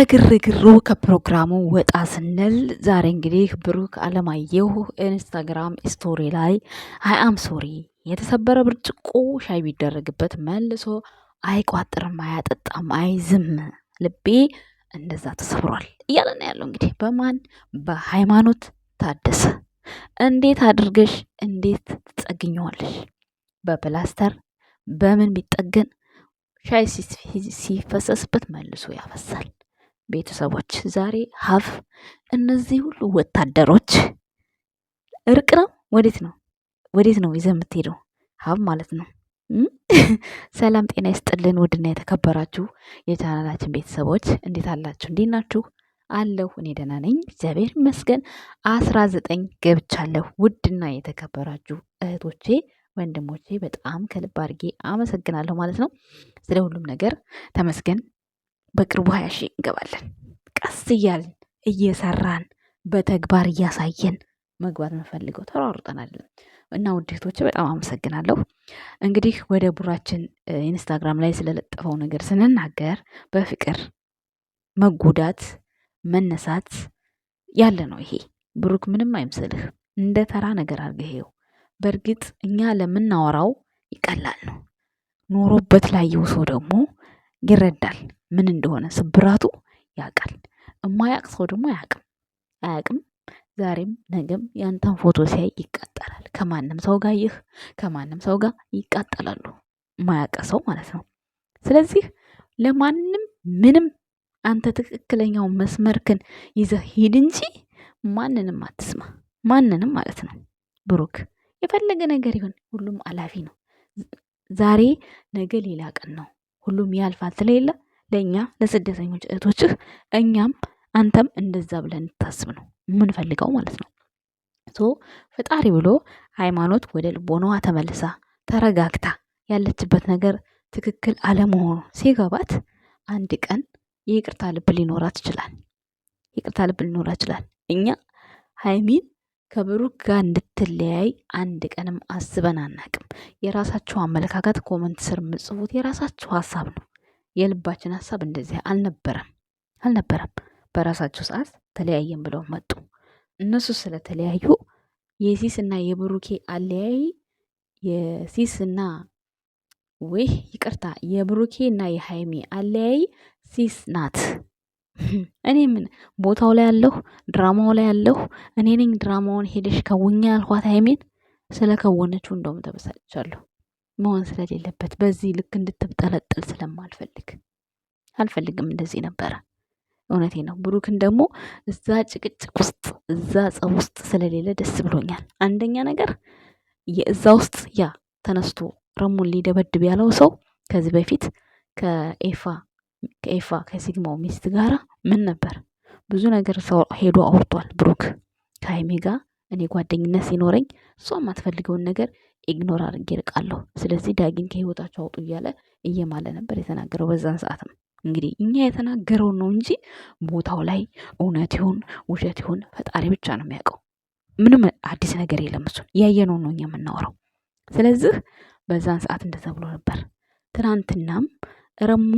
ከግርግሩ ከፕሮግራሙ ወጣ ስንል ዛሬ እንግዲህ ብሩክ አለማየሁ ኢንስታግራም ስቶሪ ላይ አይአም ሶሪ የተሰበረ ብርጭቆ ሻይ ቢደረግበት መልሶ አይቋጥርም፣ አያጠጣም፣ አይዝም ልቤ እንደዛ ተሰብሯል እያለ ነው ያለው። እንግዲህ በማን በሃይማኖት ታደሰ። እንዴት አድርገሽ እንዴት ትጠግኘዋለሽ? በፕላስተር በምን ቢጠገን ሻይ ሲፈሰስበት መልሶ ያፈሳል። ቤተሰቦች ዛሬ ሀብ እነዚህ ሁሉ ወታደሮች እርቅ ነው። ወዴት ነው ወዴት ነው ይዘ የምትሄደው ሀብ ማለት ነው። ሰላም ጤና ይስጥልን። ውድና የተከበራችሁ የቻናላችን ቤተሰቦች እንዴት አላችሁ? እንዴት ናችሁ? አለሁ እኔ ደህና ነኝ፣ እግዚአብሔር ይመስገን። አስራ ዘጠኝ ገብቻለሁ። ውድና የተከበራችሁ እህቶቼ ወንድሞቼ፣ በጣም ከልብ አድርጌ አመሰግናለሁ ማለት ነው። ስለ ሁሉም ነገር ተመስገን በቅርቡ ሀያ ሺህ እንገባለን። ቀስ እያልን እየሰራን በተግባር እያሳየን መግባት የምንፈልገው ተሯሩጠናል። እና ውዴቶች በጣም አመሰግናለሁ። እንግዲህ ወደ ቡራችን ኢንስታግራም ላይ ስለለጠፈው ነገር ስንናገር በፍቅር መጎዳት መነሳት ያለ ነው። ይሄ ብሩክ ምንም አይምስልህ፣ እንደ ተራ ነገር አድርገህ በእርግጥ እኛ ለምናወራው ይቀላል ነው ኖሮበት ላይ ሰው ደግሞ ይረዳል። ምን እንደሆነ ስብራቱ ያውቃል። እማያቅ ሰው ደግሞ አያውቅም አያውቅም ዛሬም ነገም ያንተን ፎቶ ሲያይ ይቃጠላል። ከማንም ሰው ጋር ይህ ከማንም ሰው ጋር ይቃጠላሉ ማያቀ ሰው ማለት ነው። ስለዚህ ለማንም ምንም አንተ ትክክለኛውን መስመርክን ይዘህ ሂድ እንጂ ማንንም አትስማ። ማንንም ማለት ነው። ብሩክ የፈለገ ነገር ይሁን ሁሉም አላፊ ነው። ዛሬ ነገ ሌላ ቀን ነው። ሁሉም ያልፋል ስለሌለ ለእኛ ለስደተኞች እህቶችህ እኛም አንተም እንደዛ ብለን እንድታስብ ነው የምንፈልገው ማለት ነው። ሶ ፈጣሪ ብሎ ሃይማኖት ወደ ልቦናዋ ተመልሳ ተረጋግታ ያለችበት ነገር ትክክል አለመሆኑ ሲገባት አንድ ቀን የይቅርታ ልብ ሊኖራት ይችላል። ይቅርታ ልብ ሊኖራት ይችላል። እኛ ሀይሚን ከብሩክ ጋር እንድትለያይ አንድ ቀንም አስበን አናቅም። የራሳችሁ አመለካከት ኮመንት ስር ምጽፉት የራሳችሁ ሀሳብ ነው። የልባችን ሀሳብ እንደዚህ አልነበረም አልነበረም በራሳቸው ሰዓት ተለያየን ብለው መጡ። እነሱ ስለተለያዩ የሲስ የሲስና የብሩኬ አለያይ የሲስ የሲስና ውህ ይቅርታ የብሩኬ እና የሀይሚ አለያይ ሲስ ናት። እኔ ምን ቦታው ላይ ያለሁ ድራማው ላይ ያለሁ እኔ ነኝ። ድራማውን ሄደሽ ከውኛ ያልኋት ስለ ከወነችው እንደውም ተበሳጭቻለሁ። መሆን ስለሌለበት በዚህ ልክ እንድትጠለጥል ስለማልፈልግ አልፈልግም። እንደዚህ ነበረ። እውነቴ ነው። ብሩክን ደግሞ እዛ ጭቅጭቅ ውስጥ እዛ ጸብ ውስጥ ስለሌለ ደስ ብሎኛል። አንደኛ ነገር እዛ ውስጥ ያ ተነስቶ ረሙን ሊደበድብ ያለው ሰው ከዚህ በፊት ከኤፋ ከኤፋ ከሲግማው ሚስት ጋር ምን ነበር ብዙ ነገር ሰው ሄዶ አውርቷል። ብሩክ ከሀይሜ ጋር እኔ ጓደኝነት ሲኖረኝ እሷ የማትፈልገውን ነገር ኢግኖር አድርጌ እርቃለሁ። ስለዚህ ዳጊን ከህይወታቸው አውጡ እያለ እየማለ ነበር የተናገረው። በዛን ሰዓት ነው እንግዲህ እኛ የተናገረውን ነው እንጂ ቦታው ላይ እውነት ይሁን ውሸት ይሁን ፈጣሪ ብቻ ነው የሚያውቀው። ምንም አዲስ ነገር የለም። እሱን ያየነውን ነው እኛ የምናወራው። ስለዚህ በዛን ሰዓት እንደዛ ብሎ ነበር። ትናንትናም ረሙ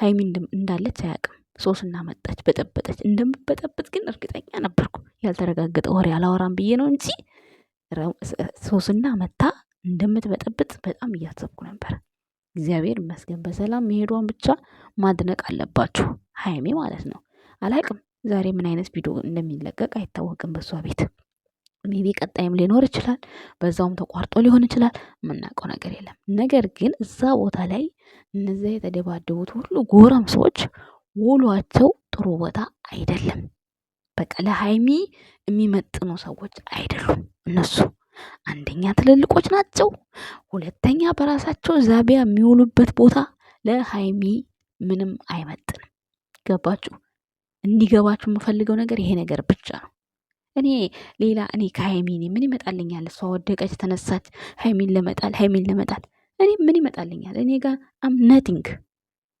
ሀይሚ እንዳለች አያውቅም። ሶስና መጣች በጠበጠች። እንደምበጠበጥ ግን እርግጠኛ ነበርኩ። ያልተረጋገጠ ወሬ አላወራም ብዬ ነው እንጂ ሶስና መታ እንደምትበጠብጥ በጣም እያሰብኩ ነበር። እግዚአብሔር ይመስገን በሰላም መሄዷን ብቻ ማድነቅ አለባችሁ ሀይሜ ማለት ነው። አላቅም ዛሬ ምን አይነት ቪዲዮ እንደሚለቀቅ አይታወቅም በእሷ ቤት ሜቢ ቀጣይም ሊኖር ይችላል። በዛውም ተቋርጦ ሊሆን ይችላል። የምናውቀው ነገር የለም። ነገር ግን እዛ ቦታ ላይ እነዚያ የተደባደቡት ሁሉ ጎረም ሰዎች ውሏቸው ጥሩ ቦታ አይደለም። በቃ ለሀይሚ የሚመጥኑ ሰዎች አይደሉም እነሱ። አንደኛ ትልልቆች ናቸው፣ ሁለተኛ በራሳቸው ዛቢያ የሚውሉበት ቦታ ለሀይሚ ምንም አይመጥንም። ገባችሁ? እንዲገባችሁ የምፈልገው ነገር ይሄ ነገር ብቻ ነው። እኔ ሌላ እኔ ከሀይሚ እኔ ምን ይመጣልኛል? እሷ ወደቀች ተነሳች፣ ሀይሚን ለመጣል ሀይሚን ለመጣል እኔ ምን ይመጣልኛል? እኔ ጋር አም ነቲንግ።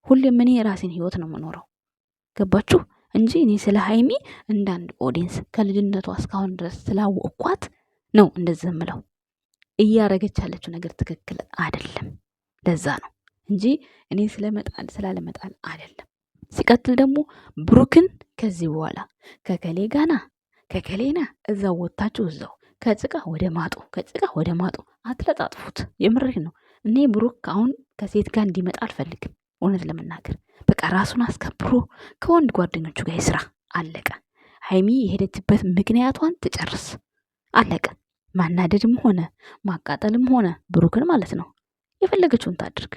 ሁሌም እኔ የራሴን ህይወት ነው የምኖረው። ገባችሁ? እንጂ እኔ ስለ ሀይሚ እንዳንድ ኦዲንስ ከልጅነቷ እስካሁን ድረስ ስላወቅኳት ነው እንደዚህ የምለው። እያረገች ያለችው ነገር ትክክል አይደለም። ለዛ ነው እንጂ እኔ ስለመጣል ስላለመጣል አይደለም። ሲቀጥል ደግሞ ብሩክን ከዚህ በኋላ ከከሌ ጋና ከከሌና እዛው ወታችሁ እዛው ከጭቃ ወደ ማጡ ከጭቃ ወደ ማጡ አትለጣጥፉት። የምሬ ነው። እኔ ብሩክ አሁን ከሴት ጋር እንዲመጣ አልፈልግም። እውነት ለመናገር በቃ ራሱን አስከብሮ ከወንድ ጓደኞቹ ጋር ይስራ። አለቀ። ሀይሚ የሄደችበት ምክንያቷን ትጨርስ። አለቀ። ማናደድም ሆነ ማቃጠልም ሆነ ብሩክን ማለት ነው የፈለገችውን ታድርግ።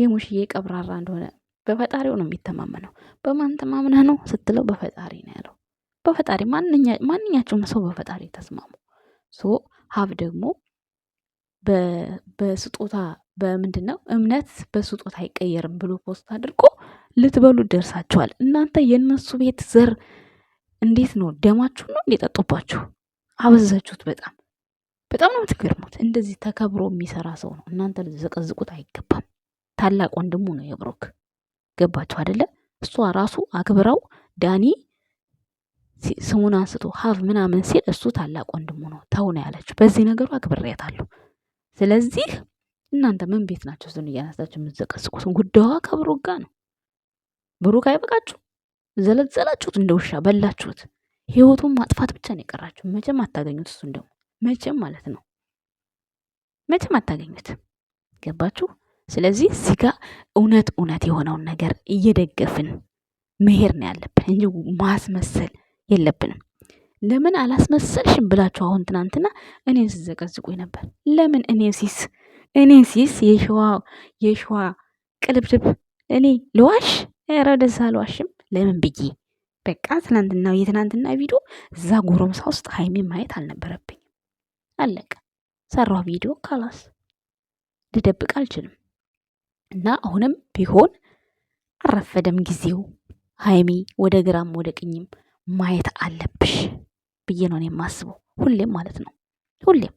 የሙሽዬ ቀብራራ እንደሆነ በፈጣሪው ነው የሚተማመነው። በማን ተማምነ ነው ስትለው በፈጣሪ ነው ያለው። በፈጣሪ ማንኛቸውም ሰው በፈጣሪ ተስማሙ። ሶ ሀብ ደግሞ በስጦታ በምንድን ነው እምነት በስጦታ አይቀየርም ብሎ ፖስት አድርጎ ልትበሉ ደርሳችኋል። እናንተ የእነሱ ቤት ዘር እንዴት ነው? ደማችሁ ነው እንዴ ጠጡባችሁ? አበዛችሁት። በጣም በጣም ነው የምትገርሙት። እንደዚህ ተከብሮ የሚሰራ ሰው ነው። እናንተ ዘቀዝቁት አይገባም። ታላቅ ወንድሙ ነው የብሩክ። ገባችሁ አደለ? እሷ ራሱ አክብረው ዳኒ ስሙን አንስቶ ሀብ ምናምን ሲል እሱ ታላቅ ወንድሙ ነው ተው ነው ያለችው። በዚህ ነገሩ አክብሬያታለሁ። ስለዚህ እናንተ ምን ቤት ናቸው? እሱን እያነሳቸው የምትዘቀዝቁት ጉዳዋ ከብሩክ ጋር ነው። ብሩክ አይበቃችሁ? ዘለዘላችሁት፣ እንደ ውሻ በላችሁት። ህይወቱን ማጥፋት ብቻ ነው የቀራችሁ። መቼም አታገኙት። እሱን ደግሞ መቼም ማለት ነው መቼም አታገኙት። ገባችሁ? ስለዚህ እዚህ ጋር እውነት እውነት የሆነውን ነገር እየደገፍን መሄድ ነው ያለብን እንጂ ማስመሰል የለብንም። ለምን አላስመሰልሽም ብላችሁ አሁን ትናንትና እኔን ስዘቀዝቁኝ ነበር። ለምን እኔ ሲስ እኔ ሲስ የሸዋ የሸዋ ቅልብድብ እኔ ልዋሽ? ኧረ ወደዛ አልዋሽም። ለምን ብዬ በቃ ትናንትና የትናንትና ቪዲዮ እዛ ጎረምሳ ውስጥ ሀይሜ ማየት አልነበረብኝም። አለቀ። ሰራሁ ቪዲዮ ካላስ ልደብቅ አልችልም። እና አሁንም ቢሆን አረፈደም ጊዜው ሀይሜ ወደ ግራም ወደ ቅኝም ማየት አለብሽ ብዬ ነው የማስበው። ሁሌም ማለት ነው ሁሌም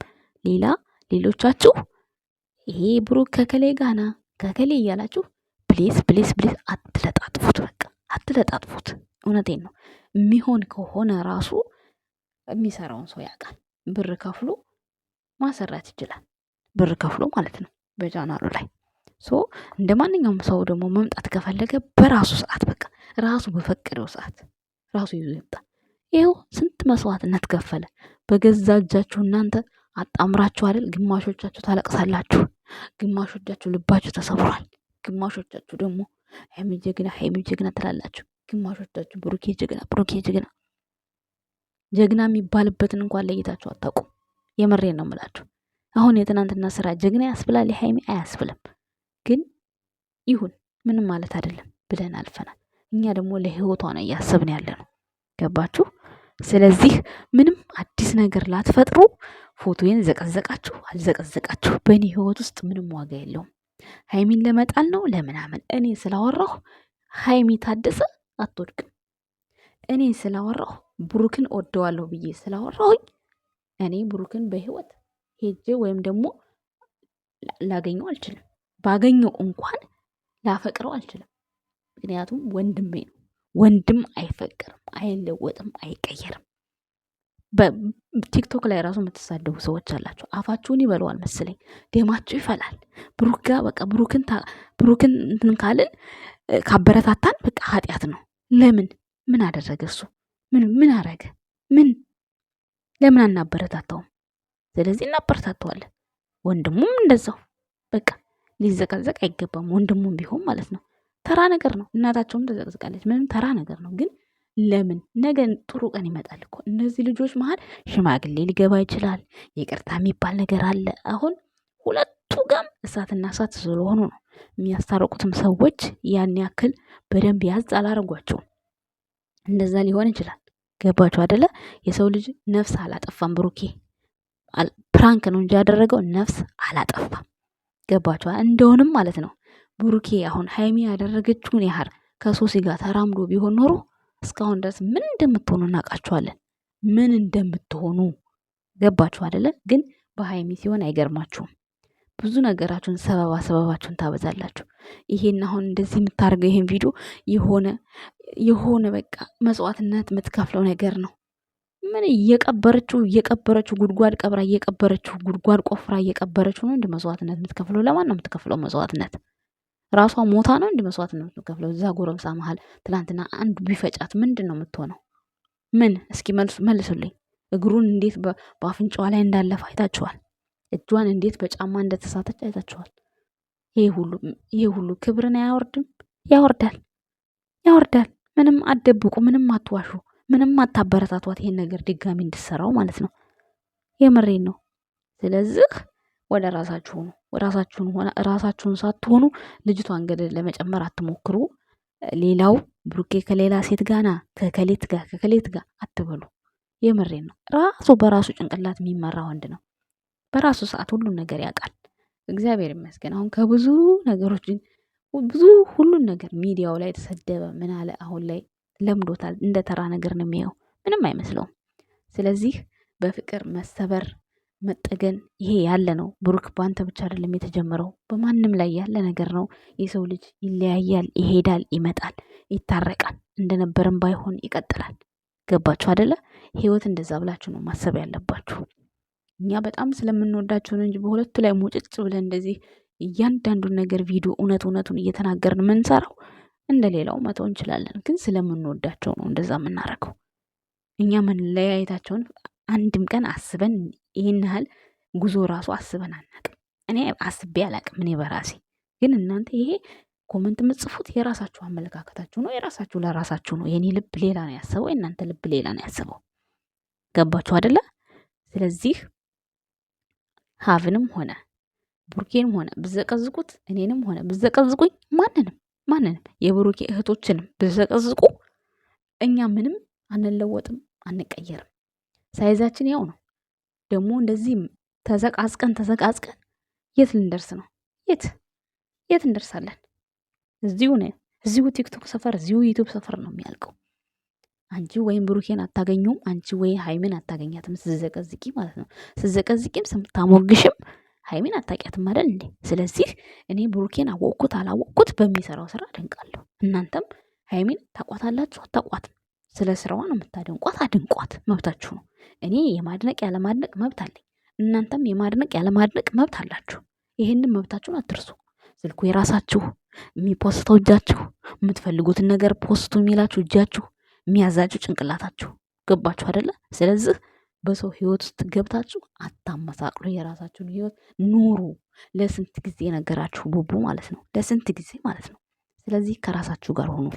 ሌላ ሌሎቻችሁ ይሄ ብሩክ ከከሌ ጋና ከከሌ እያላችሁ ፕሊስ ፕሊስ ፕሊስ አትለጣጥፉት። በቃ አትለጣጥፉት። እውነቴን ነው። የሚሆን ከሆነ ራሱ የሚሰራውን ሰው ያውቃል። ብር ከፍሎ ማሰራት ይችላል። ብር ከፍሎ ማለት ነው በጃናሉ ላይ ሶ እንደ ማንኛውም ሰው ደግሞ መምጣት ከፈለገ በራሱ ሰዓት በቃ ራሱ በፈቀደው ሰዓት ራሱ ይዞ ይምጣ። ይኸው ስንት መስዋዕትነት ከፈለ። በገዛ እጃችሁ እናንተ አጣምራችሁ አይደል? ግማሾቻችሁ ታለቅሳላችሁ፣ ግማሾቻችሁ ልባችሁ ተሰብሯል፣ ግማሾቻችሁ ደግሞ ሀይሚ ጀግና ሀይሚ ጀግና ትላላችሁ። ግማሾቻችሁ ብሩኬ ጀግና ብሩኬ ጀግና ጀግና የሚባልበትን እንኳን ለይታችሁ አታውቁም። የምሬ ነው ምላችሁ አሁን የትናንትና ስራ ጀግና ያስብላል፣ የሀይሚ አያስብልም። ግን ይሁን ምንም ማለት አይደለም ብለን አልፈናል። እኛ ደግሞ ለህይወቷ ነው እያሰብን ያለ ነው። ገባችሁ? ስለዚህ ምንም አዲስ ነገር ላትፈጥሩ፣ ፎቶዬን ዘቀዘቃችሁ አልዘቀዘቃችሁ በእኔ ህይወት ውስጥ ምንም ዋጋ የለውም። ሀይሚን ለመጣል ነው ለምናምን እኔ ስላወራሁ ሀይሚ ታደሰ አትወድቅም። እኔን ስላወራሁ ብሩክን ወደዋለሁ ብዬ ስላወራሁኝ እኔ ብሩክን በህይወት ሄጄ ወይም ደግሞ ላገኘው አልችልም። ባገኘው እንኳን ላፈቅረው አልችልም። ምክንያቱም ወንድሜ ነው። ወንድም አይፈቅርም፣ አይለወጥም፣ አይቀየርም። ቲክቶክ ላይ ራሱ የምትሳደቡ ሰዎች አላቸው። አፋችሁን ይበለዋል መሰለኝ፣ ደማችሁ ይፈላል። ብሩክ ጋ በቃ ብሩክን ብሩክን እንትን ካልን ካበረታታን በቃ ኃጢአት ነው። ለምን ምን አደረገ እሱ ምን ምን አረገ ምን ለምን አናበረታታውም? ስለዚህ እናበረታተዋለን። ወንድሙም እንደዛው በቃ ሊዘቀዘቅ አይገባም። ወንድሙም ቢሆን ማለት ነው። ተራ ነገር ነው። እናታቸውም ተዘቅዝቃለች። ምንም ተራ ነገር ነው ግን ለምን ነገ ጥሩ ቀን ይመጣል እኮ እነዚህ ልጆች መሀል ሽማግሌ ሊገባ ይችላል። ይቅርታ የሚባል ነገር አለ። አሁን ሁለት ጋም እሳትና እሳት ስለሆኑ ነው። የሚያስታርቁትም ሰዎች ያን ያክል በደንብ ያዝ አላረጓቸውም። እንደዛ ሊሆን ይችላል። ገባችሁ አደለ? የሰው ልጅ ነፍስ አላጠፋም። ብሩኬ ፕራንክ ነው እንጂ ያደረገው ነፍስ አላጠፋም። ገባችሁ? እንደውንም ማለት ነው ብሩኬ አሁን ሀይሚ ያደረገችውን ያህል ከሶሲ ጋር ተራምዶ ቢሆን ኖሮ እስካሁን ድረስ ምን እንደምትሆኑ እናውቃችኋለን። ምን እንደምትሆኑ ገባችሁ አደለ? ግን በሀይሚ ሲሆን አይገርማችሁም። ብዙ ነገራችሁን ሰበባ ሰበባችሁን ታበዛላችሁ። ይሄን አሁን እንደዚህ የምታደርገው ይሄን ቪዲዮ የሆነ የሆነ በቃ መጽዋትነት የምትከፍለው ነገር ነው። ምን እየቀበረችው እየቀበረችው ጉድጓድ ቀብራ እየቀበረችው ጉድጓድ ቆፍራ እየቀበረችው ነው እንዲ መስዋዕትነት የምትከፍለው? ለማን ነው የምትከፍለው መስዋዕትነት? ራሷ ሞታ ነው እንዲ መስዋዕትነት የምትከፍለው? እዛ ጎረምሳ መሀል ትላንትና አንዱ ቢፈጫት ምንድን ነው የምትሆነው? ምን እስኪ መልሱልኝ። እግሩን እንዴት በአፍንጫዋ ላይ እንዳለፈ አይታችኋል። እጇን እንዴት በጫማ እንደተሳተች አይታችኋል። ይሄ ሁሉ ይሄ ሁሉ ክብርን አያወርድም? ያወርዳል ያወርዳል። ምንም አትደብቁ፣ ምንም አትዋሹ፣ ምንም አታበረታቷት ይሄን ነገር ድጋሚ እንድሰራው ማለት ነው። የምሬን ነው። ስለዚህ ወደ ራሳችሁ ነው ራሳችሁን ሆነ ራሳችሁን ሳትሆኑ ልጅቷን ገደል ለመጨመር አትሞክሩ። ሌላው ብሩኬ ከሌላ ሴት ጋና ከከሌት ጋር ከከሌት ጋር አትበሉ። የምሬን ነው። ራሱ በራሱ ጭንቅላት የሚመራ ወንድ ነው። በራሱ ሰዓት ሁሉን ነገር ያውቃል። እግዚአብሔር ይመስገን አሁን ከብዙ ነገሮች ብዙ ሁሉን ነገር ሚዲያው ላይ ተሰደበ ምን አለ አሁን ላይ ለምዶታል። እንደ ተራ ነገር ነው የሚያየው፣ ምንም አይመስለውም። ስለዚህ በፍቅር መሰበር መጠገን ይሄ ያለ ነው። ብሩክ በአንተ ብቻ አይደለም የተጀመረው፣ በማንም ላይ ያለ ነገር ነው። የሰው ልጅ ይለያያል፣ ይሄዳል፣ ይመጣል፣ ይታረቃል። እንደነበረም ባይሆን ይቀጥላል። ገባችሁ አደለ? ህይወት እንደዛ ብላችሁ ነው ማሰብ ያለባችሁ። እኛ በጣም ስለምንወዳቸው ነው እንጂ በሁለቱ ላይ ሙጭጭ ብለን እንደዚህ እያንዳንዱን ነገር ቪዲዮ እውነት እውነቱን እየተናገርን የምንሰራው እንደ ሌላው መተው እንችላለን፣ ግን ስለምንወዳቸው ነው እንደዛ የምናደርገው። እኛ መለያየታቸውን አንድም ቀን አስበን ይህን ያህል ጉዞ ራሱ አስበን አናቅም። እኔ አስቤ አላቅም። እኔ በራሴ ግን እናንተ ይሄ ኮመንት ምጽፉት የራሳችሁ አመለካከታችሁ ነው፣ የራሳችሁ ለራሳችሁ ነው። የኔ ልብ ሌላ ነው ያሰበው፣ የእናንተ ልብ ሌላ ነው ያሰበው። ገባችሁ አደለ? ስለዚህ ሀብንም ሆነ ብሩኬንም ሆነ ብዘቀዝቁት እኔንም ሆነ ብዘቀዝቁኝ ማንንም ማንንም የብሩኬ እህቶችንም ብዘቀዝቁ እኛ ምንም አንለወጥም፣ አንቀየርም። ሳይዛችን ያው ነው። ደግሞ እንደዚህ ተዘቃዝቀን ተዘቃዝቀን የት ልንደርስ ነው? የት የት እንደርሳለን? እዚሁ እዚሁ ቲክቶክ ሰፈር፣ እዚሁ ዩቱብ ሰፈር ነው የሚያልቀው። አንቺ ወይም ብሩኬን አታገኙም። አንቺ ወይ ሀይሚን አታገኛትም። ስዘቀዝቂ ማለት ነው። ስዘቀዝቂም ስምታሞግሽም ሀይሚን አታቂያት አይደል እንዴ? ስለዚህ እኔ ብሩኬን አወቅኩት አላወቅኩት በሚሰራው ስራ አደንቃለሁ። እናንተም ሀይሚን ታቋታላችሁ አታቋትም። ስለ ስራዋ ነው የምታደንቋት፣ አድንቋት፣ መብታችሁ ነው። እኔ የማድነቅ ያለማድነቅ መብት አለኝ። እናንተም የማድነቅ ያለማድነቅ መብት አላችሁ። ይህንን መብታችሁን አትርሱ። ስልኩ የራሳችሁ የሚፖስተው እጃችሁ፣ የምትፈልጉትን ነገር ፖስቱ የሚላችሁ እጃችሁ የሚያዛችሁ ጭንቅላታችሁ ገባችሁ አይደለ? ስለዚህ በሰው ህይወት ውስጥ ገብታችሁ አታመሳቅሉ። የራሳችሁን ህይወት ኑሩ። ለስንት ጊዜ ነገራችሁ ቡቡ ማለት ነው። ለስንት ጊዜ ማለት ነው። ስለዚህ ከራሳችሁ ጋር ሆኑ።